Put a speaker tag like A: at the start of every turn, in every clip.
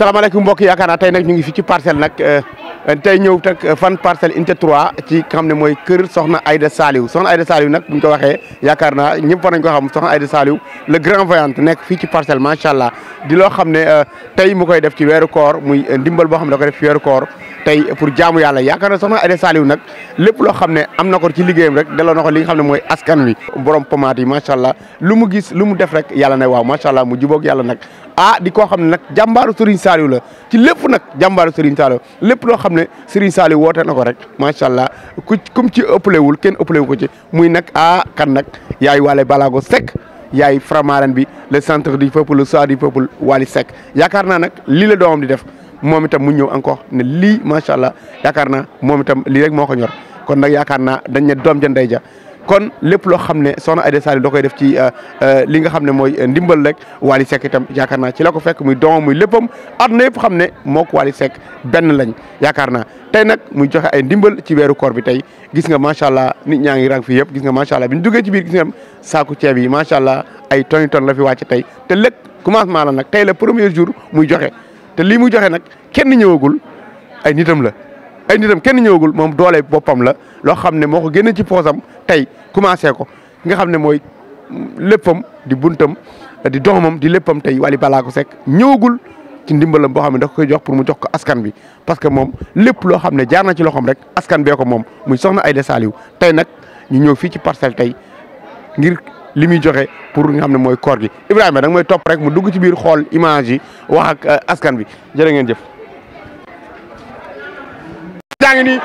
A: salaamaaleykum mbokk yaakaar naa tey nag ñu ngi fi ci parcelle nag euh, tey ñëw nag euh, fan parcelle unité ci xam ne mooy kër soxna Aida Saliou soxna Aida Saliou nag buñ ko waxee yaakaar na ñëpp war ko xam soxna Aida Saliou le grand voyant nekk fii ci parcelle macha allah di xam ne euh, tey mu koy def ci weeru koor muy ndimbal boo xam ne da koy def ci weeru koor tey pour jaamu yàlla yaakaar naa soxna Aida Saliou nag lépp loo xam ne am na ko ci liggéeyam rek delloo na ko li nga xam mooy askan wi borom pomaat yi macha allah lu mu gis lu mu def rek yàlla ne waaw macha allah mu jubóog yàlla nag ah di koo xam ne nag jàmbaaru Serigne Saliou la ci lépp nag jàmbaaru Serigne Saliou lépp loo xam ne Serigne Saliou woote na ko rek macha allah ku comme ci ëppalewul kenn ëppalewu ko ci muy nag ah kan nag yaay Wally Ballago Seck yaay framaren bi le centre du peuple le soir du peuple Wally Seck yaakaar naa nag lii la doomam di def moom itam mu ñëw encore ne lii macha allah yaakaar naa moom itam lii rek moo ko ñor kon nag yaakaar naa dañ ne doom ja ndey ja kon lépp loo xam ne soxna Aida Saliou da koy def ci euh, euh, li nga xam ne mooy ndimbal rek Wally Seck itam yaakaar naa ci la ko fekk muy doomam muy léppam àdduna yëpp xam ne mook Wally Seck benn lañ yaakaar naa tey nag muy joxe ay ndimbal ci weeru koor bi tey gis nga macha allah nit ñaa ngi rang fii yëpp gis nga macha allah bi ñu duggee ci biir gis nga saaku ceeb yi macha allah ay toni ton la fi wàcc tey te lépp commencement la nag tey la premier jour muy joxe te lii muy joxe nag kenn ñëwagul ay nitam la ay nitam kenn ñëwagul moom doole boppam la loo xam ne moo ko génne ci poosam tey commencé ko nga xam ne mooy léppam di buntam di doomam di léppam tey Wally Ballago Seck ñëwagul ci ndimbalam boo xam ne da koy jox pour mu jox ko askan bi parce que moom lépp loo xam ne jaar na ci loxoom rek askan bee ko moom muy soxna Aïda Saliou tey nag ñu ñëw fii ci parcelle tey ngir li muy joxe pour nga xam ne mooy koor gi Ibrahima da mooy topp rek mu dugg ci biir xool image yi wax ak euh, askan bi jërë ngeen jëf. ngi nii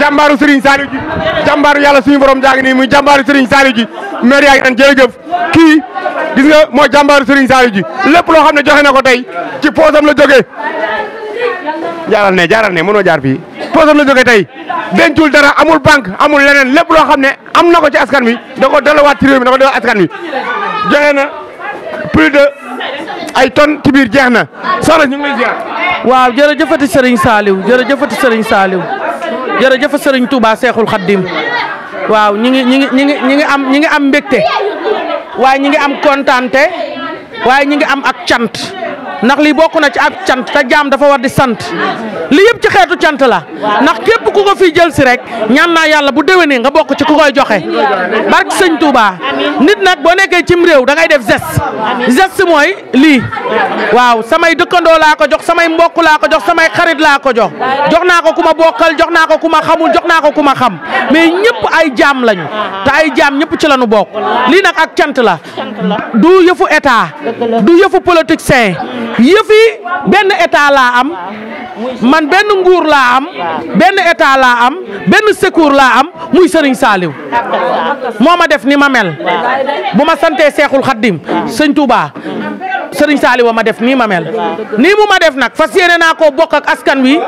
A: jàmbaaru Serigne Saliou ji jàmbaaru yàlla suñu borom jaa ngi nii muy jàmbaaru Serigne Saliou ji maire yaa ngi naan jërëjëf kii mooy jàmbaaru Serigne Saliou ji lépp loo xam ne joxe na ko tey ci poosam la jógee jaaral ne jaaral ne mënoo jaar fii poosam la jógee tey dencul dara amul banque amul leneen lépp loo xam ne am na ko ci askan wi da ko dalawaat ci réew da ko dalawaat askan wi joxe na plus de ay ton ci biir jeex na soxna ñu ngi lay ziar waaw jërëjëfati Serigne Saliou
B: jërëjëfati Serigne Saliou jërëjëf sëriñ Touba Seexul Xaddim waaw ñi ngi ñi ngi ñi ngi ñi ngi am ñi ngi am mbégte waaye ñi ngi am kontaante waaye ñi ngi am ak cant ndax lii bokk na ci ak cant te jaam dafa war di sant lii yëpp ci xeetu cant la ndax képp ku ko fii jël si rek ñan naa yàlla bu déwénee nga bokk ci ku koy joxe barke sëñ Touba nit nag boo nekkee cim réew dangay def geste geste mooy lii waaw samay dëkkandoo laa ko jox samay mbokk laa ko jox samay xarit laa ko jox jox naa ko ku ma bokkal jox naa ko ku ma xamul jox naa ko ku ma xam mais ñëpp ay jaam lañu ta ay jaam ñëpp ci lañu bokk lii nag ak cant la du yëfu état du yëfu yëfi benn état laa am man benn nguur laa am benn état laa am benn secours laa am muy sëriñ saaliw moo ma def ni ma mel bu ma santee seexul xaddim sëñ Touba sëriñ Saliou ma def nii ma mel nii mu ma def nag fas yéene naa ko bokk ak askan wi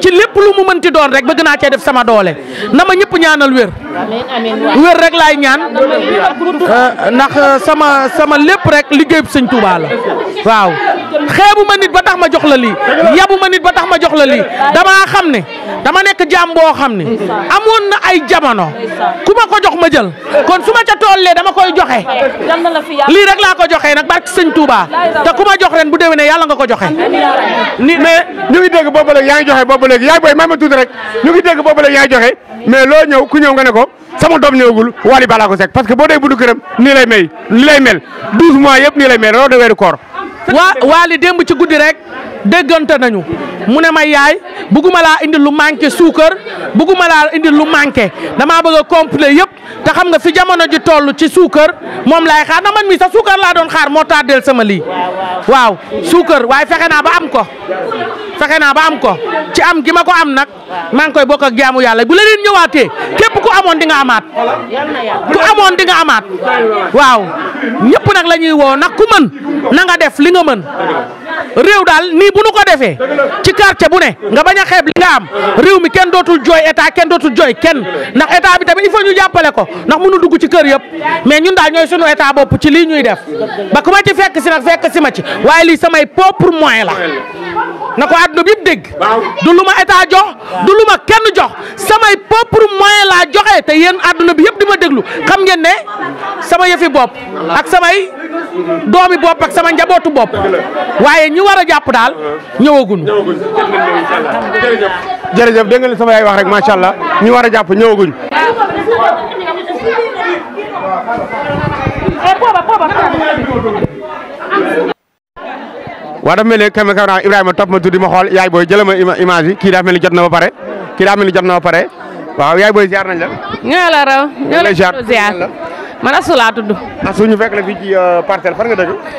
B: ci lépp lu mu mënti doon rek bëgg naa cee def sama doole na ma ñëpp ñaanal wér
C: wér rek laay ñaan euh,
B: ndax euh, sama sama lépp rek liggéey bu sëñ Touba la waaw xeebu ma nit ba tax ma jox la lii yabu ma nit ba tax ma jox la lii damaa xam ne dama nekk jaam boo xam ne amoon na ay jamono ku ma ko jox ma jël kon su ma ca tollee dama koy joxe lii rek laa ko joxee nag barke sëñ Touba
A: te ku ma jox ren bu déwénee yàlla nga ko joxe. ni mais ñu ngi dégg boobu léegi yaa ngi joxe boobu léegi yaay booy maa ma tuuti rek ñu ngi dégg boobu léegi yaa ngi joxe mais loo ñëw ku ñëw nga ne ko sama doom ñëwagul Wally Ballago Seck parce que boo dee bundu këram nii lay may mel 12 mois yëpp nii mel loolu de weeru
B: koor waa waali démb ci guddi rek déggante nañu mu ne ma yaay bugguma laa indi lu manqué suukar bugguma laa indi lu manqué damaa bëgg a complet yëpp te xam nga fi jamono ji toll ci suukar moom laay xaar na man mi sax suukar laa doon xaar moo tardeel sama lii waaw suukar waaye fexe naa ba am ko fexe naa ba am ko ci am gi ma ko am nag maa ngi koy bokk ak jaamu yàlla bu leneen ñëwaatee képp ku amoon di nga amaat
D: ku amoon di nga amaat
B: waaw ñëpp nag la ñuy woo nag ku mën na nga def li nga mën réew daal nii bu nu ko defee ci quartier bu ne nga bañ a xeeb li nga am réew mi kenn dootul jooy état kenn dootul jooy kenn ndax état bi tamit il faut ñu jàppale ko ndax munu dugg ci kër yëpp mais ñun daal ñooy sunu état bopp ci lii ñuy def ba ku ma ci fekk si fekk si ma ci waaye lii samay propre moyen la na ko àdduna bi yëpp du lu ma état jox du lu ma kenn jox samay propre moyen laa joxe te yéen àdduna bi yëpp di ma déglu xam ngeen ne sama yëfi bopp ak samay doomi bopp ak sama
A: njabootu bopp waaye ñi war a jàpp daal ñëwaguñu jërëjëf dégg nga li wax rek macha ñi war a jàpp ñëwaguñ waa dafa mel ne kam kamera Ibrahima topp ma tuddi ma xool yaay booy jëlal ma image yi kii dafa mel ni jot na ba pare kii dafa mel ni jot na ba pare waaw yaay booy ziar nañ la.
D: la raw ñoo la ziar
A: man Asou laa tudd. Asou euh,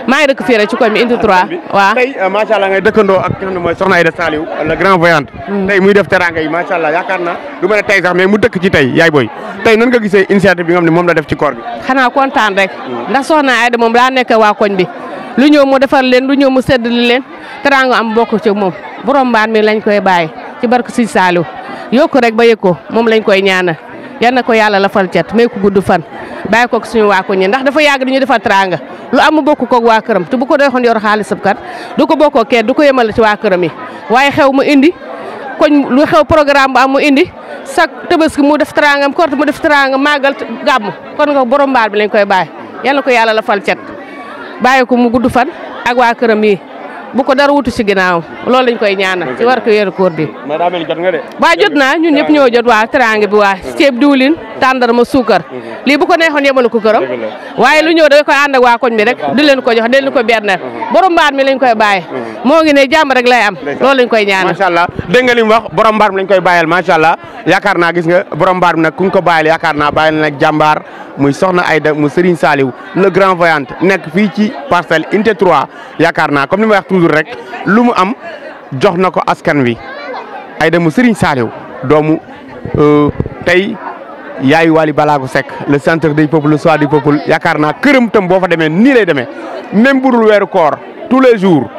A: maa ngi dëkk fii ci koñ bi unité 3 waaw. tey euh, macha allah ngay dëkkandoo ak ki nga xam grand voyante. Hmm. tey muy def teranga yi macha allah yaakaar naa du ma ne tey sax mais mu dëkk ci tey yaay booy tey nan nga gisee initiative bi nga xam ne moom def ci koor bi.
D: xanaa kontaan rek. Hmm. ndax Soxna Aïda moom laa nekk waa koñ bi lu ñëw mu defar leen lu ñëw mu seddali leen teraanga am bokk ci moom borom mbaan mi lañ koy bàyyi ci barke Sëñ Saaliw yokk rek ba yëg ko moom lañ koy ñaana yal ko yàlla la fal cat may ko gudd fan bàyyi ko suñu waa ko ñi ndax dafa yàgg di ñu defar teraanga lu am mu bokk koog waa këram te bu ko doxoon yor xaalisam kat du ko bokkoo kenn du ko yemal ci waa këram waaye xew mu indi koñ lu xew programme ba am mu indi chaque tabaski mu def teraangam korte mu def teraangam màggal gàmm kon nga borom mbaal bi lañ koy bàyyi yal ko yàlla la fal cat bàyyi ko mu gudd fan ak waa këram yi bu ko dara wutu si ginnaawam loolu lañ koy ñaanal ci war ko weeru koor bi.
A: ma daa mel jot nga
D: jot naa ñun ñëpp ñoo jot waa teraanga bi waa ceeb diwlin. tàndarma suukar mhm. lii bu ko neexoon yemale ko këram waaye lu ñëw da koy ànd ak waa koñ bi rek di leen ko jox di leen ko berneel
A: mhm. borom mbaar mi lañ koy bàyyi mhm. moo
D: ngi ne jàmm rek
A: lay am loolu lañ koy ñaanal macha allah dégg nga li mu wax borom mbaar mi lañ koy bàyyil macha allah yaakaar naa gis nga borom mbaar mi nag kuñ ko bàyyil yaakaar naa bàyyil nag jàmbaar muy soxna Aida mu Serigne Saliou le grand voyant nekk fii ci parcelle unité 3 yaakaar naa comme ni ma wax toujours rek lu mu jox na ko askan wi Aida mu Serigne Saliou euh, yaayu Wally Ballago Seck le centre du peuple le soir du peuple yaakaar naa këram tam boo fa demee nii lay demee même budul weeru koor tous les jours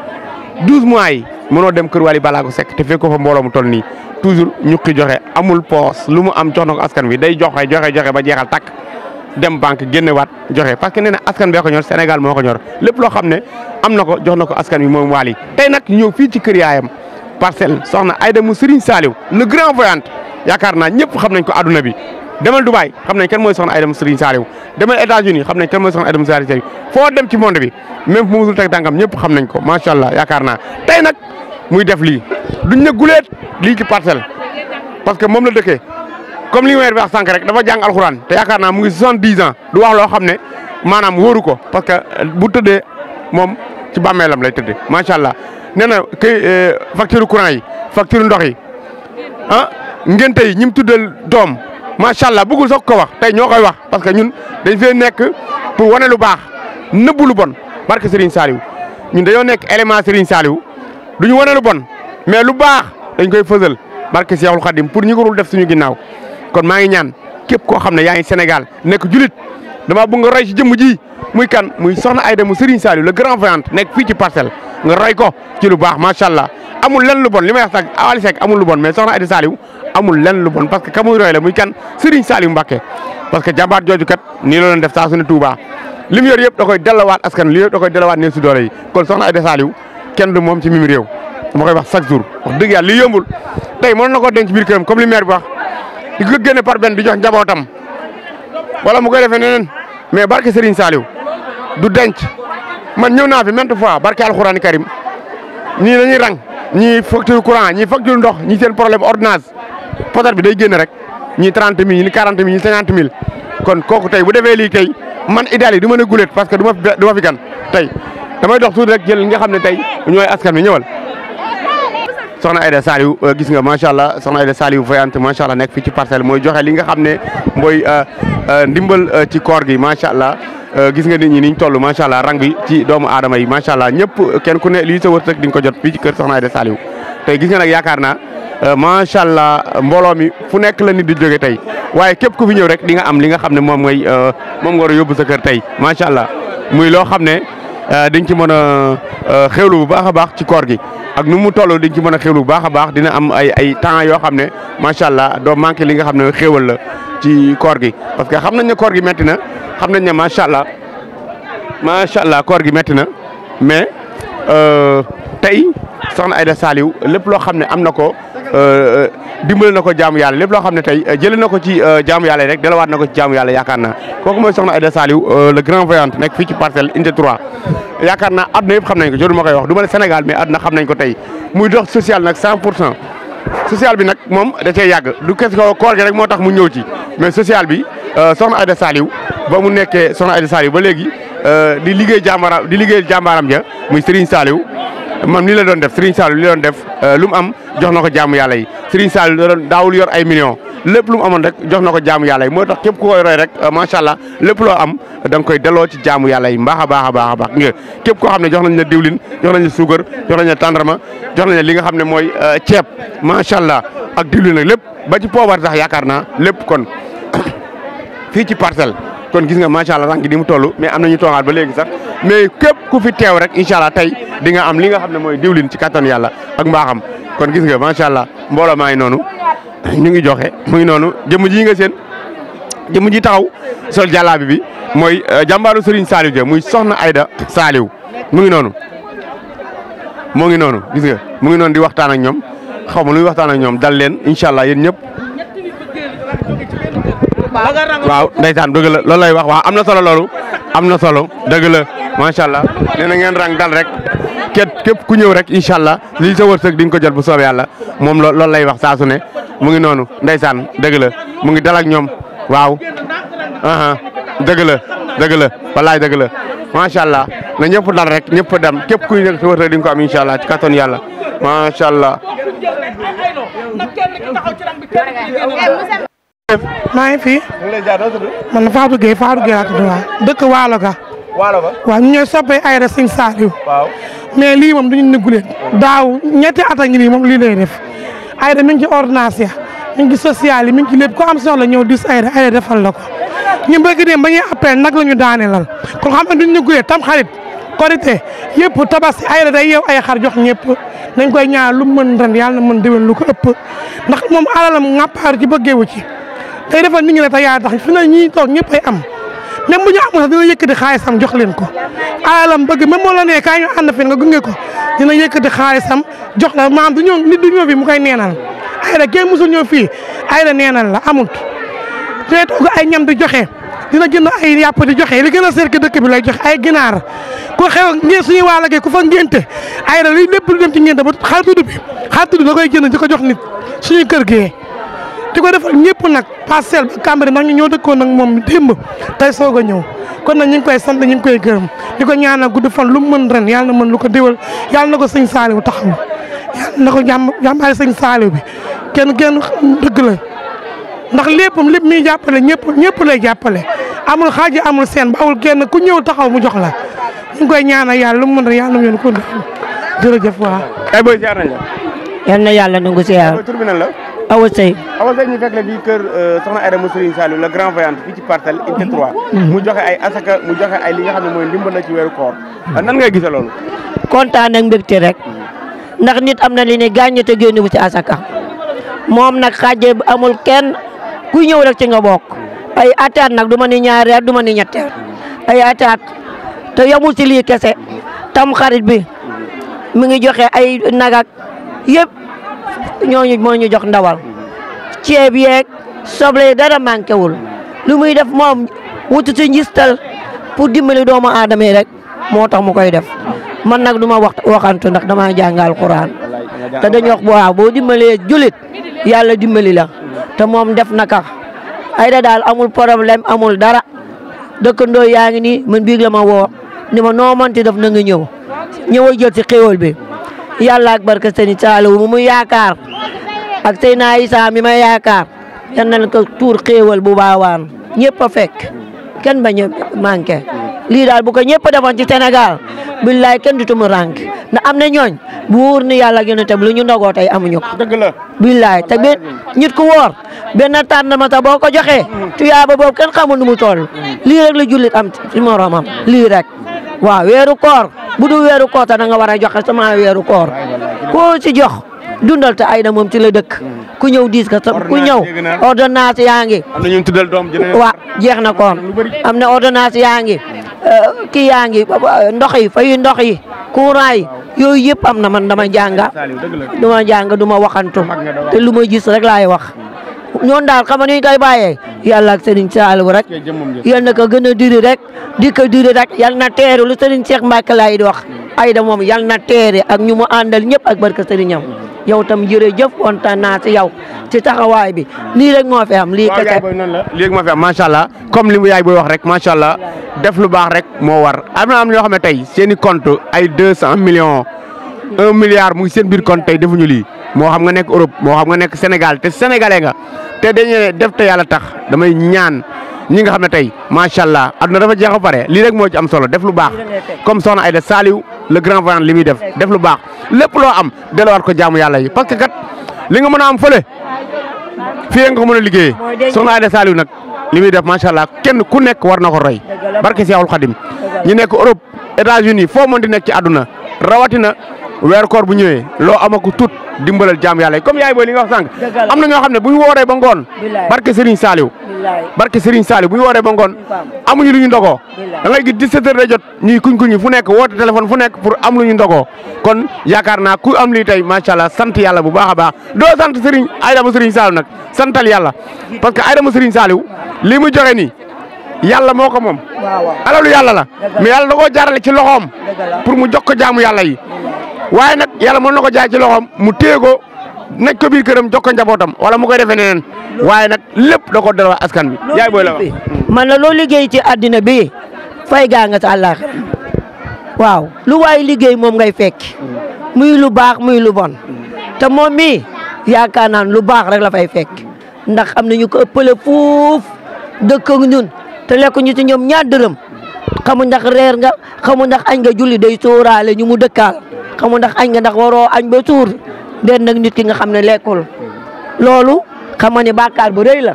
A: douze mois yi mënoo dem kër Wally Ballago sekk te fekkoo fa mbooloo mu toll nii toujours ñukki joxe amul poos lu mu am jox na ko askan wi day joxe joxe joxe ba jeexal takk dem banque waat joxe parce que nee na askan bee ko Sénégal moo ko ñor lépp loo xam ne am na ko jox na ko askan wi moom Wally tey nag ñëw fii ci kër yaayam parcelle soxna Aïda mu Serigne Saliou le grand voyant yaakaar naa ñëpp xam nañ ko àdduna bi demal Dubaay xam nañ kan mooy soxna Aïda Serigne Saliou demal États-Unis xam nañ kan mooy soxna Aïda Serigne Saliou foo dem ci monde bi même fu mu musul teg tànkam ñëpp xam nañ ko macha allah yaakaar na tey nag muy def lii duñ ne guleet lii ci parcelle parce que moom la dëkkee comme li weer bi wax sànq rek dafa jàng alxuraan te yaakaar naa mu ngi soixante-dix ans du wax loo xam ne maanaam wóoru ko parce que euh, bu tëddee moom ci bàmmeelam lay tëddee macha allah nee na kay euh, facture courant yi facture ndox yi ah ngénte yi ñi mu doom macha allah bëggul sax ko wax tey ñoo koy wax parce que ñun dañ fee nekk pour wone lu baax nëbbu lu bon barke Serigne Saliou ñun dañoo nekk élément Serigne Saliou du ñu wane lu bon mais lu baax dañ koy fësal barke Seexul Xadim pour ñu ko dul def suñu ginnaaw kon maa ngi ñaan képp koo xam ne yaa ngi Sénégal nekk julit dama bëgg nga roy ci jëmm ji. muy kan muy soxna Aida mu Serigne Saliou le grand voyant nekk fii ci parcelle nga roy ko ci lu baax macha allah amul lenn lu bon li may wax sax Wally Seck amul lu bon mais soxna Aida Saliou amul lenn lu bon parce que ka muy roy la muy kan Serigne Saliou Mbacké parce que jàmbaar jooju kat nii la doon def saa su ne Touba li yor yëpp da koy dellawaat askan li yëpp da koy dellawaat ne su doole yi kon soxna Aida Saliou kenn du moom ci mimi réew koy wax chaque yàlla li yombul tey mënoon na koo denc biir këram comme li bi wax di ko wala mu koy mais barke Serigne Saliou du denc man ñëw naa fi maintes fois barke alxuraan karim ñii dañuy rang ñii facture courant ñii facture ndox ñii seen problème ordonnance potar bi day génn rek ñii trente mille ñii quarante cinquante mille kon kooku tey bu defee lii tey man idaal yi du ma ne parce que du ma du ma fi gan tey damay dox tuuti rek jël nga xam ne tey ñooy askan wi ñëwal soxna Aida Saliou euh, gis nga macha allah soxna Aida Saliou voyante macha allah nekk fii ci parcelle mooy joxe li nga xam ne mooy euh, euh, ndimbal ci koor gi macha allah gis nga nit ñi niñ toll macha allah rang bi ci doomu aadama yi macha allah ñëpp kenn ku ne lii sa wërsëg di ko jot fii ci kër soxna Aida Saliou tey gis yaakaar naa macha allah mbooloo mi fu nekk la nit di jóge tey waaye képp ku fi ñëw rek di nga am li nga xam ne moom ngay moom nga war a yóbbu sa kër tey macha allah muy loo xam ne Euh, dañ ci mën a euh, xewlu bu baax a baax ci koor gi ak nu mu toll dañ ci mën a xewlu bu baax a baax dina am ay ay temps yoo xam ne macha allah doo manqué li nga xam ne xéewal la ci koor gi parce que xam nañ ne koor gi métti na xam nañ ne macha allah macha allah koor gi métti na mais euh, tey soxna Aida Saliou lépp loo xam ne am na ko dimbale na ko jaamu yàlla lépp loo xam ne tey euh, jëlee na ko ci euh, jaamu yàlla rek dalawaat na ko ci jaamu yàlla yaakaar naa kooku mooy soxna Aida Saliou euh, le grand voyant nekk fii ci parcelle unité 3 yaakaar naa àdduna yëpp xam nañ ko jooju ma koy wax du ma ne Sénégal mais àdduna xam nañ ko tey muy dox social nag 100 pour cent social bi nag moom da cee yàgg du kes ko koor gi rek moo tax mu ñëw ci mais social bi soxna Aida Saliou ba mu nekkee soxna Aida Saliou ba léegi di liggéey jàmbaaram di liggéey jàmbaaram ja muy Serigne Saliou moom nii la doon def Serigne Saliou li doon def euh, lu am jox na ko jaamu yàlla yi Serigne Saliou daawul yor ay million lépp lu amoon rek jox na ko jaamu yàlla yi moo tax képp ku koy rek euh, macha allah lépp loo am da koy delloo ci jaamu yàlla yi mbaax a a baax a baax nga képp koo xam ne jox nañ la diwlin jox nañ la suukar jox nañ la tàndarma jox nañ la li nga xam ne mooy euh, ceeb macha allah ak diwlin nag lépp ba ci poobar sax yaakaar naa lépp kon fii ci parcelle kon gis nga macha allah rànk di mu toll mais am na ñu toogaat ba léegi sax mais képp ku fi teew rek incha tey di am li nga xam ne mooy diwlin ci kattan yàlla ak mbaaxam kon gis nga macha allah mbooloo maa ngi noonu ñu ngi joxe mu ngi noonu jëmm ji nga seen jëmm ji taxaw sol jàllaabi bi mooy euh, jàmbaaru Serigne Saliou muy soxna ayda Saliou mu ngi noonu. moo ngi noonu gis nga mu ngi noonu di waxtaan ak ñoom xaw ma luy waxtaan ak ñoom dal leen incha allah yéen ñëpp. waaw ndeysaan dëgg la loolu lay wax waaw am na solo loolu am na solo dëgg macha allah nee na ngeen rang dal rek képp képp ku ñëw rek incha allah lii sa wërsëg di ko jël bu soobee yàlla moom loolu lay wax saa ne mu ngi noonu ndeysaan dëgg mu ngi dal ak ñoom waaw. dëgg la dëgg la wallaay dëgg la allah na ñëpp dal rek ñëpp dem képp ku ñëw sa di ko am incha allah ci kattan yàlla macha allah.
E: maa ngi fi man Fatou Gueye Fatou Gueye laa tudd waaw dëkk Waalo ga waalo ba waaw ñu ñooy soppee Aïda Sine Saliou waaw mais lii moom duñu nëggu leen daaw ñetti ata a moom lii lay def Aïda mi ngi ci ordonnance ya mi social yi mi ngi ci lépp ko am soxla ñëw dis Aïda Aïda defal la ko ñu bëgg dem ba ñuy appel nag la ñu daaneelal kon xam ne duñu nëggu leen tam xarit korite yëpp tabaski Aïda day yeew ay xar jox ñëpp nañ koy ñaar lu mën ren yàlla na mën déwén lu ko ëpp ndax moom alalam ŋàppaaru ci bëggeewu ci day defal nit ñi la tax yaa tax fi na ñi toog ñëpp ay am même bu ñu amul dina yëkkati xaalisam jox leen ko alalam bëgg même moo la nee kaay ñu ànd fi nga gunge ko dina yëkkati xaalisam jox la maam du ñëw nit du ñëw fii mu koy neenal ayda kenn musul ñëw fii ayda neenal la amut dina togg ay ñam di joxe dina jënd ay yàpp di joxe li gën a seer ki dëkk bi lay joxe ay ginaar ku xew ngeen suñuy waa lagee ku fa ngénte ayda luy lépp lu dem ci ngénte ba xar tudd bi xar tudd la koy jënd di ko jox nit suñu kër gee di ko defal ñëpp nag parcelle ba Cambérène ndax ñu ñoo dëkkoon nag moom démb tey soog a ñëw kon nag ñu koy sant ñu ngi koy gërëm di ko ñaana gudd fan lu mu mën ren yàlla na mën lu ko déwal yàlla na ko sëñ Saaliw taxaw yàlla jàmm jàmbaale sëñ Saaliw bi kenn kenn dëgg la ndax léppam jàppale ñëpp ñëpp lay jàppale amul xaaji amul seen ba amul ku ñëw taxaw mu jox la ñu koy ñaanal yàlla lu mu mën ren yàlla
C: na mu yónni ko jërëjëf waaw.
A: ay boy jaar nañ la.
C: yal na yàlla nangu si yaar. tur bi nan la. Awa Seye
A: Awa Seye ñu fekk la fii kër euh, soxna Aida a Serigne Saliou la grand voyante fii ci Parcelles unité 3 mm-hmm. mu joxe ay asaka mu joxe ay li nga xam ne mooy ndimbal la ci weeru koor mm-hmm. nan ngay gisee loolu
C: kontaan ak mbégte rek mm-hmm. ndax nit am na li ne gàññe te génn bu ci asaka moom nag xàjjee bu amul kenn ku ñëw rek ci nga bokk ay ataat nag du ma ni ñaari at du ma ni ñetti at ay ataat te yamul ci lii kese tam xarit bi mi ngi joxe ay nagak yëpp ñooñu moo ñu jox ndawal ceeb yeeg soble dara manqué wul lu muy def moom wutu ci njistal pour dimbali doomu aadama yi rek moo tax mu koy def man nag du ma wax waxantu ndax damaa jàngal Quraan te dañu wax waaw boo dimbalee julit yàlla dimbali la te moom def na ay Aida daal amul problème amul dara dëkkandoo yaa ngi nii man biig la ma woo ni ma noo mënti def na nga ñëw ñëw jël ci xéwal bi. yàlla ak barke sëñ Saaliw mu mu yaakaar ak sëñ naa Isaa mi ma yaakaar yan nañ ko tuur xéewal bu baawaan ñëpp a fekk kenn bañ a lii daal bu ko ñëpp defoon ci Sénégal billaay kenn du tumu rànk ndax am na ñooñ bu wóor ni yàlla gën a teb lu ñu ndogoo tey amuñu ko. dëgg la billaay te bi nit ku wóor tànn ma ta boo ko joxee tuyaaba boobu kenn xamul nu mu toll lii rek la jullit am ci moromam lii rek. waaw weeru koor bu du weeru koor te da nga war a joxe sama weeru koor koo ci jox dundal ay Aida moom ci la dëkk ku ñëw diis ka ku ñëw ordonnance yaa ngi am
A: na ñu tuddal doom waaw
C: jeex na koon am na ordonnance yaa ngi euh, kii yaa ngi ndox yi fayu ndox yi courant yi yooyu yëpp am na man dama jànga duma jàng duma waxantu te lu ma gis rek laay wax ñoon daal xam nga ñu koy bàyyee yàlla ak Serigne Saliou rek yal na ko a diri rek di ko diri rek yal na teeru lu Serigne Cheikh Mbacke laay di wax da moom yal na teere ak ñu mu àndal ñëpp ak barke Serigne am yow tam jërëjëf kontaan naa si yow ci taxawaay bi lii rek moo fi am lii kese lii rek macha allah comme li mu
A: yaay booy wax rek macha allah def lu baax rek moo war am na am ñoo xam ne tey seen i compte ay deux cent millions un milliard mu seen biir compte tey defuñu lii moo xam nga nekk Europe moo xam nga nekk Sénégal te sénégalais nga te dañu def te yàlla tax damay ñaan ñi nga xam ne tey macha allah adduna dafa jeex a pare lii rek moo ci am solo def lu baax comme soxna Aida Saliou le grand voyant li muy def def lu baax lépp loo am delluwaat ko jaamu yàlla yi parce que kat li nga mën a am fële fii nga ko mën a liggéeyee soxna Aida Saliou nag li muy def macha allah kenn ku nekk war na ko roy barke Seexul Xadim ñu nekk Europe États-Unis foo mën di nekk ci àdduna weer koor bu ñëwee loo amako tut dimbalal jaam yàlla yi comme yaay booy li nga wax sànq am na ñoo xam ne bu ñu wooree ba ngoon barke Serigne Saliou barke Serigne Saliou bu ñu wooree ba ngoon amuñu lu ñu ndogoo da ngay gis 17 jot ñuy kuñ kuñi fu nekk woote téléphone fu nekk pour am lu ñu ndogoo kon yaakaar naa ku am lii tey macha allah sant yàlla bu baax a baax doo sant Serigne Aïda ma Serigne Saliou nag santal yàlla parce que Aïda ma Serigne Saliou lii mu joxe nii yàlla moo ko moom alalu yàlla la mais yàlla da koo jaarale ci loxoom pour mu jox ko jaamu yàlla yi waaye nag yàlla mën na ko jaay ci loxoom mu téego ko naj ko biir këram jox ko njabootam wala mu koy defee neneen waaye nag lépp da ko dara askan bi. yaay booy la
C: man na loo liggéey ci àddina bi fay gaa nga sa àllaax waaw lu waay liggéey moom ngay fekk muy lu baax muy lu bon te moom mii yaakaar naan lu baax rek la fay fekk ndax am nañu ñu ko ëppale fuuf dëkk ak ñun te lekk ñu ci ñoom ñaar dërëm xamuñ ndax reer nga xamu ndax añ nga julli day sóoraale ñu mu dëkkaal. xamul ndax añ nga ndax waroo añ ba suur den nag nit ki nga xam ne lekkul loolu xam nga ne bàkkaar bu rëy la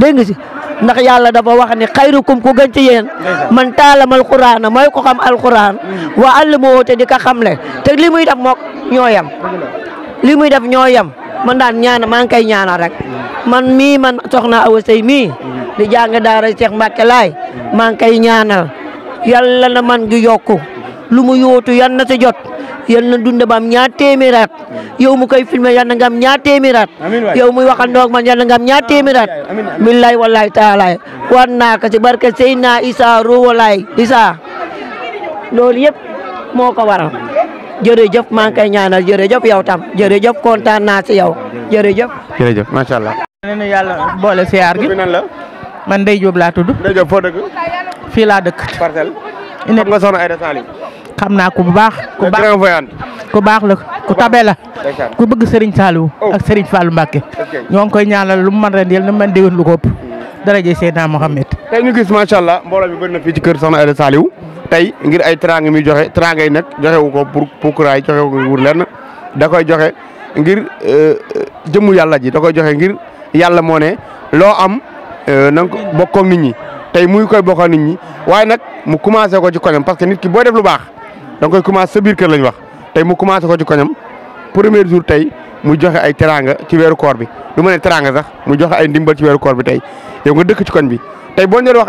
C: dégg nga si ndax yàlla dafa wax ne xayrukum ku gën ci yéen man taalam alquraan mooy ko xam alquraan mm-hmm. wa allamahu te di xam xamle te li muy def ñoo yem li muy def ñoo yam man daan ñaana maa ngi koy ñaanal rek mm-hmm. man mii man soxna Awa Sey mii mm-hmm. di jàng daara Cheikh Mbacke laay maa ngi koy ñaanal yàlla na man gi yokku lu mu yóotu yan na jot yan na dund ba am ñaar téeméeraat yow mu koy filmé yan na nga am ñaar téeméeraat yow muy waxandoo ak man na ñaar téeméeraat billaay wallaay taalaay naa ko ci barke Seydina Isa Ro wallaay Isa loolu yëpp moo ko waral jërëjëf maa ngi koy ñaanal jërëjëf yow tam jërëjëf kontaan naa si yow jërëjëf.
A: jërëjëf macha allah.
D: boole siyaar gi man Ndeye Diop laa tudd. laa dëkk. xam naa ku baax. ku baax ku la ku tabe la. ku bëgg Serigne Saliou oh. ak Serigne Fallou Mbacké. ñoo ngi koy ñaanal lu mu mën ren yal na mën déwén lu ko ëpp. moo xam Mohamed.
A: tey ñu gis macha allah mbooloo mi bëri na fii ci kër Soxna Aida Saliou tey ngir ay teraanga mi joxe teraanga yi nag joxe wu ko pour pukkaraay joxe wu ko da koy joxe ngir euh, jëmu yàlla ji da koy joxe ngir yàlla moo ne loo am euh, na nga ko bokkoog nit ñi tey muy koy bokkoog nit waaye nag mu commencé ko ci koñam parce que nit ki baax. da nga koy commencé sa biir kër lañ wax tey mu commencé ko ci koñam premier jour tey mu joxe ay teraanga ci weeru koor bi du ma teraanga sax mu joxe ay ndimbal ci weeru koor bi tey yow nga dëkk ci koñ bi tey boo ñu euh, euh,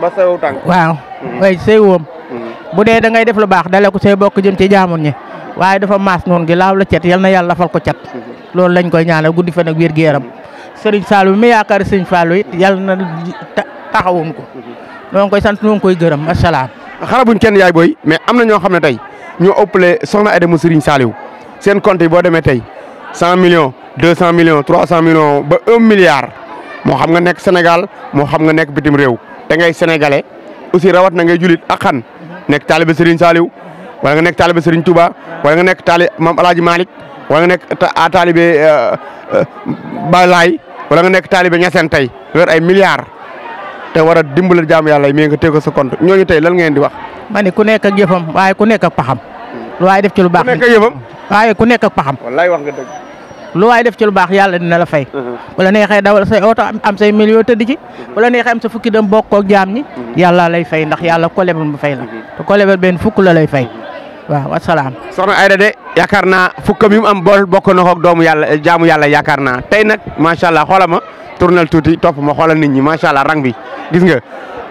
D: ba say woom tànk. waaw mm-hmm. mbay ci say
A: mm-hmm. bu dee da
D: ngay def lu baax dale ko say bokk jëm ci jaamun ñi waaye dafa maas noonu gi laaw la cet yal na yàlla fal ko cet mm-hmm. loolu lañ koy ñaanal guddi fan ak wér gu yaram Serigne Saliou mi yaakaar Serigne yal na taxawuñ ko.
A: ñoo ngi koy sant ñoo ngi koy gërëm asalaam. xarabuñ kenn yaay booy mais am na ñoo xam ne tey ñoo ëppale soxna Aida mu Serigne Saliou seen compte boo demee tey cent millions deux cent millions trois cent millions ba un milliard moo xam nga nekk senegal moo xam nga nekk bitim réew te ngay sénégalais aussi rawat na ngay julit ak xan nekk taalibe Serigne Saliou wala nga nekk taalibe Serigne Touba wala nga nekk taali maam El Hadj Malick wala nga nekk taalibe euh, euh, Balaye wala nga nekk taalibe Niassène tey wër ay milliards. te war a dimbali jaamu yàlla yi mais nga teg ko sa compte ñooñu tey lal ngeen di wax. ma ne ku nekk ak yëfam waaye ku nekk ak paxam. Hmm. lu
D: waay def ci lu baax ku nekk waaye ku nekk ak paxam.
A: wallaay wax nga dëgg.
D: lu waay def ci lu baax yàlla dina la fay. Hmm. bu la neexee dawal say oto am say million tëdd ci. Hmm. bu la neexee am sa fukki dem bokk ak jaam ñi. yàlla lay fay ndax yàlla ko lebal mu fay la. te ko lebal benn fukk la lay fay. waaw asalaam.
A: soxna Ayda de yaakaar naa fukkam yi mu am bool bokk na koog doomu yàlla jaamu yàlla yaakaar na tey nag macha allah xoolal ma tournel tuuti topp ma xoolal nit ñi macha allah rang bi gis nga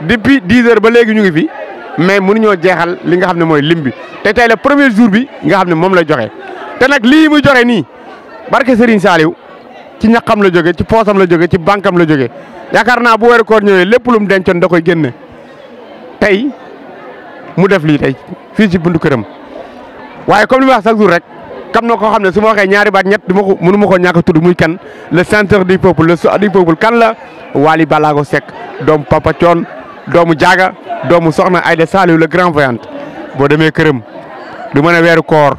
A: depuis 10 heures ba léegi ñu ngi fi mais mënuñoo jeexal li nga xam ne mooy lim bi te tey la premier jour bi nga xam ne moom la joxe te nag lii muy joxe nii barke Serigne Saliou ci ñaqam la jóge ci poosam la jóge ci bankam la jóge yaakaar naa bu weeru koor ñëwee lépp lu mu dencoon koy génne mu def lii tey fii ci buntu këram. waaye comme li ma wax chaque jour rek kam na koo xam ne su ma waxee ñaari baat ñett du ma ko mënu ma ko muy kan le centre du peuple le centre du peuple kan la waali Balago Seck doomu Papa Thione doomu Jaaga doomu Soxna ay Aïda Saliou le grand voyant boo demee këram du mën a weeru koor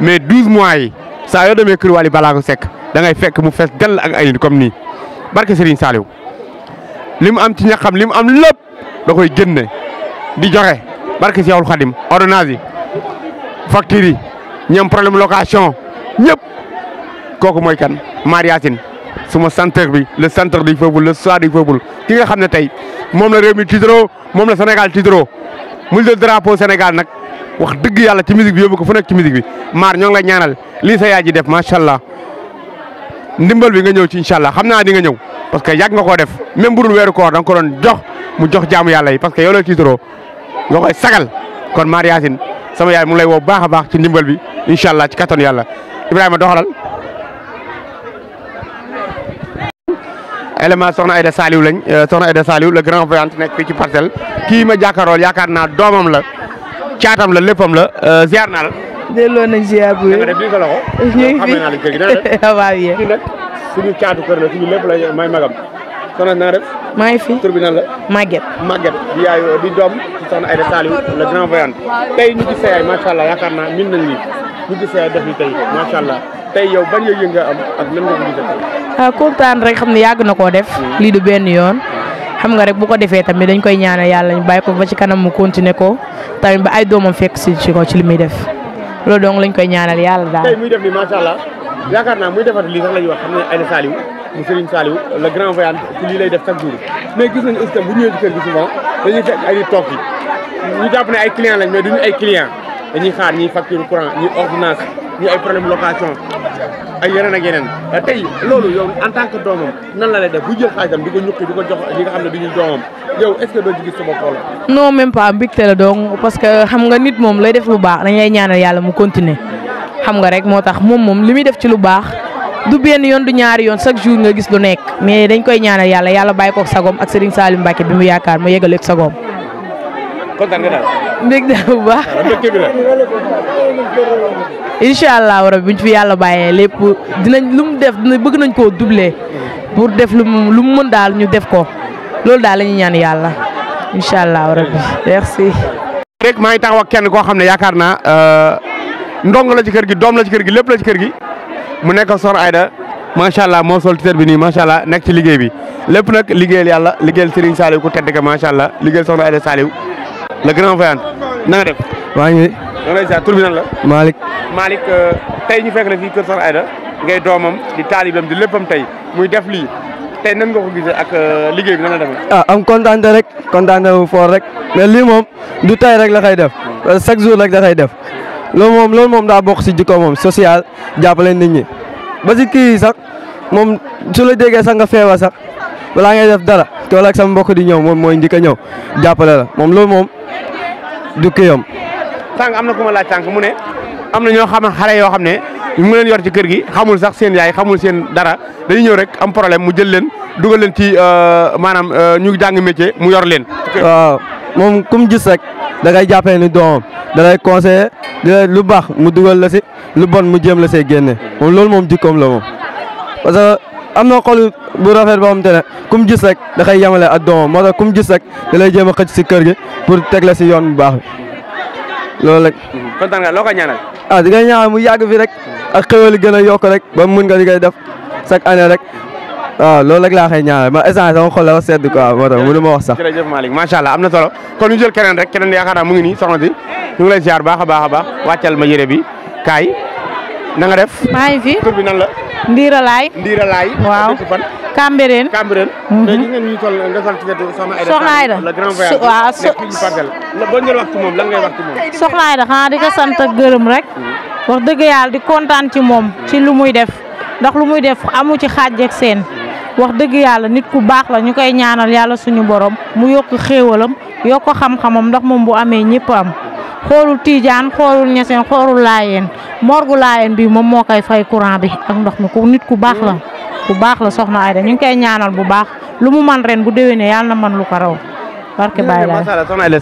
A: mais 12 mois yi saa yoo demee kër Waly Balago sekk dangay fekk mu fees dell ak ay nit comme nii barke Serigne Saliou li mu am ci ñaxam li mu am lépp da koy génne di joxe barke Seexul Xadim factures yi ñoom problème location ñëpp kooku mooy kan Mariasine suma centre bi le centre du peuple le soir du peuple ki nga xam ne tey moom la réew mi tiitaroo moom la Sénégal tiitaroo mu jël drapeau Sénégal nag wax dëgg yàlla ci musique bi yóbbu ko fu nekk ci musique bi maar ñoo ngi la ñaanal lii sa yaay ji def macha allah ndimbal bi nga ñëw ci incha xam naa di nga ñëw parce que yàgg nga koo def même bu dul weeru koor da ko doon jox mu jox jaamu yàlla yi parce que yow la tiitaroo nga koy sagal sama yaay mu lay woo baax a baax ci ndimbal bi incha allah ci kattanu yàlla Ibrahima doxalal. élément soxna Aida Saliou lañ euh, soxna Aida Saliou le grand voyant nekk fii ci parcelle kii ma jàkkaarool yaakaar naa doomam la caatam la léppam la euh, ziar naa
D: la.
A: nañ ziar bu wér. ñu ne kër gi dana la. waaw la suñu lépp la may magam. soxna naa def. maa ngi fi tur bi di yaay doom tey ñu gis sa yaay macha allah yaakaar naa min nañ lii ñu gis sa yaay def ko gisee tey. ah
D: kontaan yàgg na koo def. Hmm. lii du benn yoon. xam nga rek bu defee tamit dañ koy ñaanal yàlla ñu ko ba ci kanam mu continuer ko tamit ba ay doomam ko ci li muy def daal. tey
A: muy def nii macha allah yaakaar naa muy defar lii sax la wax xam ne Aïda Saliou mu Serigne Saliou le grand voyant ci lii lay def chaque jour mais gis nañu aussi tam bu ñëwee ci kër gi souvent dañuy fekk ay jàpp ne ay client lañ mais duñu ay client dañuy xaar ñuy facture courant ñuy ordonnance ñuy ay problème location ay yeneen ak yeneen tey loolu yow en tant que doomam nan la lay def bu jël xaalisam di ko ñukki di ko jox ñi nga xam ne du ñuy doomam yow est ce que doo xool
D: non même pas mbégte la donc parce que xam nga nit moom lay def lu baax dañ lay ñaanal yàlla mu continuer xam nga rek moo tax moom moom li muy def ci lu baax du benn yoon du ñaari yoon chaque jour nga gis lu nekk mais dañ koy ñaanal yàlla yàlla bàyyi koog sagoom ak Serigne Salim Mbacke bi mu yaakaar mu yegaleeg sagoom. kontaan nga daal. bu baax. Ah, incha allahu fi yàlla bàyyee lépp dinañ lu mu def dina bëgg nañ koo duble pour def lu mu lu mu mën daal ñu def ko loolu daal lañuy ñaan yàlla incha allahu rabi merci.
A: maa ngi taxaw kenn koo xam ne yaakaar naa euh, ndong la ci kër gi doom la ci kër gi lépp la ci kër gi. mu nekk Soxna ayda macha allah moo sol titre bi nii macha allah nekk ci liggéey bi lépp nag liggéeyal yàlla liggéeyal Serigne Saliou ku tedd ka macha allah liggéeyal Soxna Aida Saliou le grand voyant na def. waa ngi. da ngay ziar la. Malick. Malick euh, tey ñi fekk la fii kër Soxna Aida ngay doomam di taalibam di léppam tey muy def lii tey nan nga ko gisee ak euh, liggéey bi nan la
C: ah am kontaante rek kontaan wu
D: fort rek mais lii moom du tey rek la koy def chaque jour rek da def. loolu moom loolu moom daa bokk si jikko moom social jàppale nit ñi ba si kii sax moom su la déggee sax nga feebar sax balaa ngay def dara tool ak sama mbokk di ñëw moom mooy njëkk a ñëw
A: jàppale
F: la moom loolu moom du kiyam.
A: tànk am na ku ma laaj tànk mu ne am na ñoo xam ne xale yoo xam ne mu leen yor ci kër gi xamul sax seen yaay xamul seen dara dañuy ñëw rek am problème mu jël leen dugal leen ci euh, maanaam euh, ñu jàng métier mu yor leen. waaw.
D: moom kum jis rek da ngay jàppee ni doomam da lay conseiller di la lu baax mu dugal la si lu bon mu jëm la see génne moom loolu moom jikkoom la moom. parce que am na xol bu rafet boo xamante ne kum jis rek da koy yemale ak ma moo tax kum gis rek da lay jéem a xëcc si kër gi pour teg la si yoon bu baax bi loolu rek. kontaan nga loo ko ah nga ñaanal mu yàgg fi rek ak xéwal yi gën a yokk rek ba mu mën nga koy def chaque année rek. waaw loolu rek laa xëy ñaanal ma échange sama xol dafa sedd quoi moo tax mënu ma wax sax. jërëjëf
A: allah am na solo kon ñu jël keneen rek keneen yaakaar naa mu ngi nii soxna si ñu ngi lay ziar baax a baax a baax wàccal ma yére bi kaay na def. maa fi tur bi nan la. Ndiira Ndiira Laay. waaw Cambérène. Cambérène. mais mhm. gis ngeen ñu toll nga sant soxna Aïda. soxna Aïda le grand voyage. la boo ñu wax ci
D: xanaa di ko sant ak gërëm rek. Mhm. wax dëgg yàlla di kontaan ci moom. ci lu muy def ndax lu muy def amu ci xaaj ak seen wax dëgg yàlla nit ku baax la ñu koy ñaanal yàlla suñu borom mu yokk xéewalam yokk xam-xamam ndox moom bu amee ñëpp am xoolul tiijaan xoolul ñeseen xoolul laayeen morgu laayeen bi moom moo koy fay courant bi ak ndox mi ku nit ku baax la ku baax la soxna Aida ñu ngi koy ñaanal bu baax lu mu man ren bu déwénee yàlla na man lu ko raw barke Baye Laay macha allah soxna
A: Aida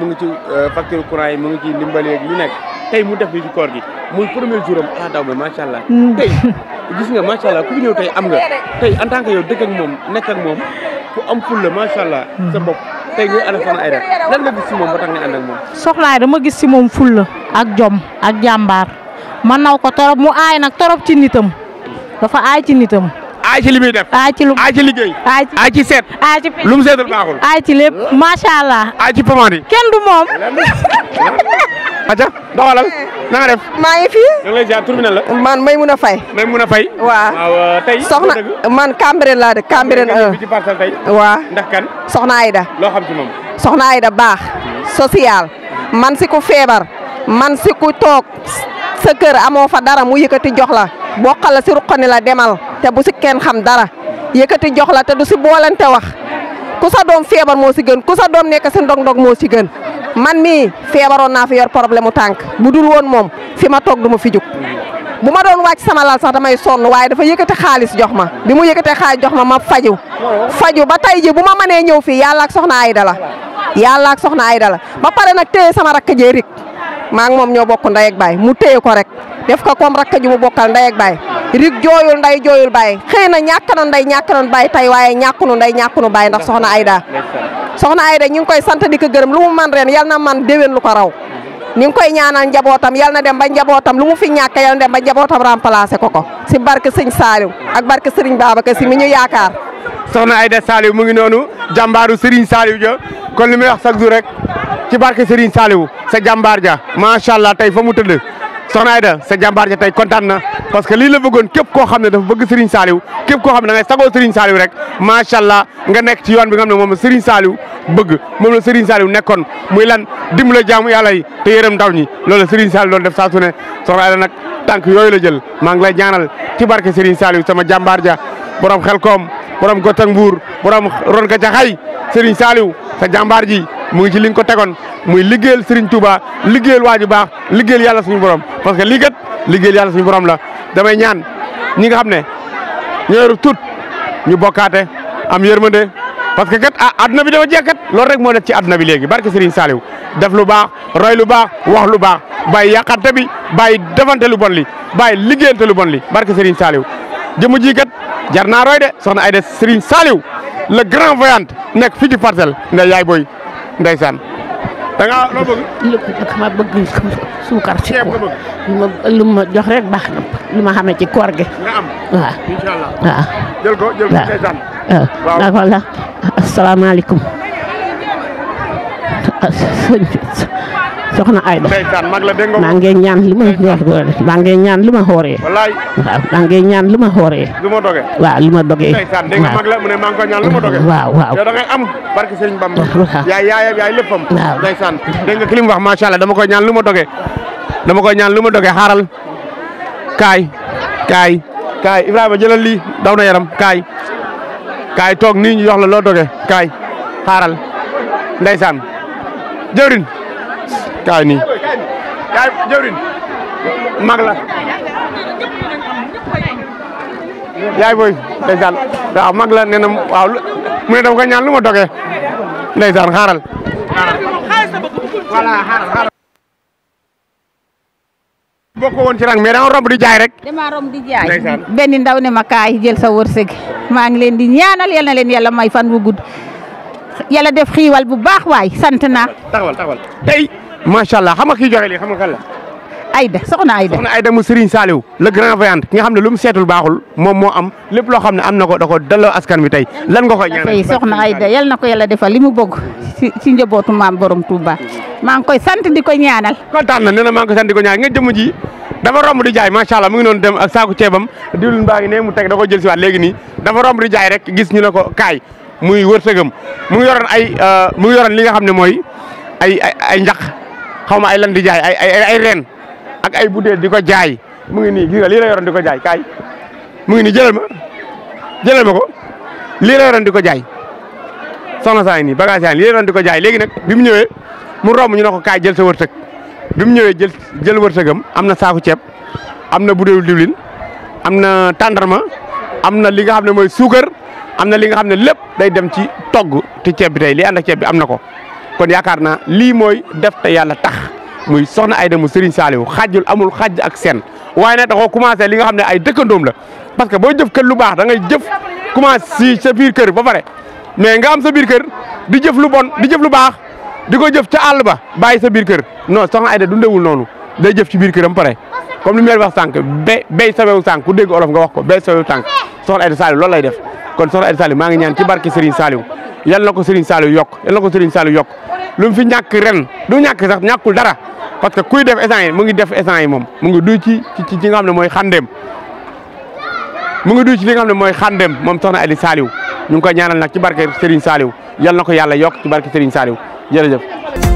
A: mu ngi ci euh, facture courant yi mu ngi ci ndimbal yeeg lu nekk tey gis nga macha allah ku fi ñëw tey am nga tey en tant que yow dëkk moom nekk ak moom ku am fulla macha allah. sa bopp tey ngay ay rek lan nga gis si moom ba tax nga ànd ak moom.
D: soxlaay dama gis si moom fulla ak jom ak jàmbaar man naw ko torop mu aay nag torop ci nitam dafa aay ci nitam. aay ci li muy def aay lu aay ci liggéey aay seet aay seetul baaxul aay ci lépp macha allah
A: aay ci pomade yi kenn du moom aca doxalal na def maa ngi fii la man may mun a fay may mun a fay waa euh, tey soxna
F: man Cambérène laa dëkk Cambérène soxna Aïda loo xam ci moom soxna Aïda baax social man si ku feebar man si ku toog sa amoo fa dara mu yëkkati jox la boqal la si ruqani la demal te bu si kenn xam dara yëkkati jox la te du si boolante wax ku sa doom feebar moo si gën ku sa doom nekk si ndog-ndog moo si gën man mii feebaroon naa fi yor problème mu tànk bu dul woon moom fi ma toog du ma fi jug bu ma doon wàcc sama lal sax damay sonn waaye dafa yëkkate xaalis jox ma bi mu yëkkate xaalis jox ma ma faju faju ba tey ji bu ma mënee ñëw fii yàlla ak soxna Aida la yàlla ak soxna Aida la ba pare nag téye sama rakk maa moom ñoo bokk ndey ak baay mu téye ko rek def ko comme rakk ju mu bokkal ndey ak baay rig jooyul nday jooyul baay xëy na ñàkk na nday ñàkk na baay tey waaye ñàkkunu nday ñàkkunu baay ndax soxna Aida soxna Aida ñu ngi koy sant di gërëm lu mu man ren yal na man déwén lu ko raw ni ngi koy ñaanal njabootam yal na dem ba njabootam lu mu fi ñàkk yal na dem ba njabootam remplacé ko ko si barke sëñ Saliou ak barke Serigne Babacar si mi ñu yaakaar
A: soxna Aida Saliou mu ngi noonu jàmbaaru Serigne Saliou ja kon li may wax chaque jour ci barke Serigne Saliou sa jàmbaar ja macha allah tey fa mu tëdd soxna Aida sa jàmbaar ja tey kontaan na parce que lii la bëggoon képp koo xam ne dafa bëgg Serigne Saliou képp koo xam ne da ngay sagoo Serigne Saliou rek macha allah nga nekk ci yoon bi nga ne moom la Serigne Saliou bëgg moom la Serigne Saliou nekkoon muy lan dimbale jaamu yàlla yi te yërëm ndaw ñi loolu la Serigne lool def saa su ne soxna nag tànk yooyu la jël maa ngi lay ñaanal ci barke Serigne Saliou sama jàmbaar ja borom xel koom borom gottang buur borom ron ka ca Serigne Saliou sa jàmbaar ji mu ngi ci li nga ko tegoon muy liggéeyal Serigne Touba liggéeyal waaju baax liggéeyal yàlla suñu borom parce que lii kat liggéeyal yàlla suñu borom la damay ñaan ñi nga xam ne ñooru tut ñu bokkaate am yërmande parce que kat a ah, adduna bi dafa jeexkat loolu rek moo nekk ci adduna bi léegi barke Serigne Saliou def lu baax roy lu baax wax lu baax bàyyi yàqante bi bàyyi defante lu bon li bàyyi liggéeyante lu bon li barke Serigne Saliou jëmu ji kat jar naa roy de soxna Aida Serigne Saliou le grand voyant nekk fii ci parcelle nday yaay booy ndeysaan
E: da ma bëgg suukar si
D: lu ma jox rek baax na lu ma xamee ci koor gi. nga
A: am waaw
F: incha allah soxna Ayda maa ngi ñaan li ma joor maa ngi ñaan li ma xooree waaw maa ngi ñaan li ma xooree waaw li ma dogee
A: waaw waaw da ngay am barke Serigne Bamba yaay yaayam yaay léppam waaw ndeysaan dégg nga ki li mu wax macha allah dama koy ñaan lu ma dogee dama koy ñaan lu ma dogee xaaral kaay kaay kaay Ibrahima jëlal lii daw na yaram kaay kaay toog nii ñu jox la loo doge kaay xaaral ndeysaan jëwrin kaay nii. la. yaay booy ndeysaan waaw mag la nee mu ne dama ko ñaan lu ma dogee ndeysaan xaaral.
B: voilà xaaral xaaral.
F: bokkoo woon ci rang mais da di jaay
A: rek.
F: benn ndaw ne ma kaay jël sa wërsëg. maa ngi leen di ñaanal yal leen yàlla may fan wu gudd yàlla def xiiwal bu baax waay sant naa.
A: macha allah xam nga kii joxe lii xam nga kan la.
F: Aida soxna
A: Aida soxna Aida mu Serigne Saliou le grand voyant ki nga xam ne lu mu seetul baaxul moom moo am lépp loo xam ne am na ko da ko delloo askan wi tey lan nga koy ñaanal soxna Aida
F: yal na ko yàlla defal li mu bëgg ci ci njabootu maam borom Touba maa ngi koy sant di ko ñaanal. kontaan
A: na nee na maa ngi koy sant di ko ñaanal ngeen jëmm ji dafa romb di jaay macha ngi noonu dem ak saako ceebam mu teg da ko jël si waat léegi nii dafa romb di jaay rek gis ñu ne ko kaay muy wërsëgam mu ngi yoroon ay euh, mu ngi li nga xam ne mooy ay ay njaq xaw ma ay lan di jaay ay ay ay ak ay buddeel di ko jaay mu ngi nii gis nga lii la yoroon di ko jaay kaay mu ngi nii jëlal ma jëlal ma ko lii la yoroon di ko jaay soxna saa nii bagage yaa ngi lii la di ko jaay léegi nag bi mu ñëwee mu romb ñu ne ko kaay jël sa wërsëg bi mu ñëwee jël jël wërsëgam am na saaku ceeb am na buddeelu diwlin am na tàndarma am na li nga xam ne mooy suukar am na li nga xam ne lépp day dem ci togg te ceeb bi tey lii ànd ak ceeb bi am na ko. kon yaakaar na lii mooy def te yàlla tax muy soxna da mu Serigne Saliou xajjul amul xaj ak sen waaye nag da koo commencé li nga xam ne ay dëkkandoom la parce que boo jëf kër lu baax da ngay jëf commencé si sa biir kër ba pare mais nga am sa biir kër di jëf lu bon di jëf lu baax di ko jëf ca àll ba bàyyi sa biir kër non soxna Aida dundewul noonu da jëf ci biir këram pare comme li mel wax sànq be bay sawewu ku dégg olof nga wax ko bay sawewu sànq soxna Aida Saliou loolu lay def kon soxna Aida Saliou maa ngi ñaan ci barke Serigne Saliou yal na ko Serigne Saliou yokk yal na ko Serigne yokk lu mu fi ñàkk ren du ñàkk sax ñàkkul dara parce que kuy def essence yi mu ngi def essence yi moom mu ngi duy ci ci ci nga xam ne mooy xàndeem mu ngi duy ci li nga xam ne mooy xàndeem moom soxna Aida Saliou ñu ngi koy ñaanal na ci barke Serigne Saliou yal na ko yàlla yokk ci barke saaliw Saliou
E: jërëjëf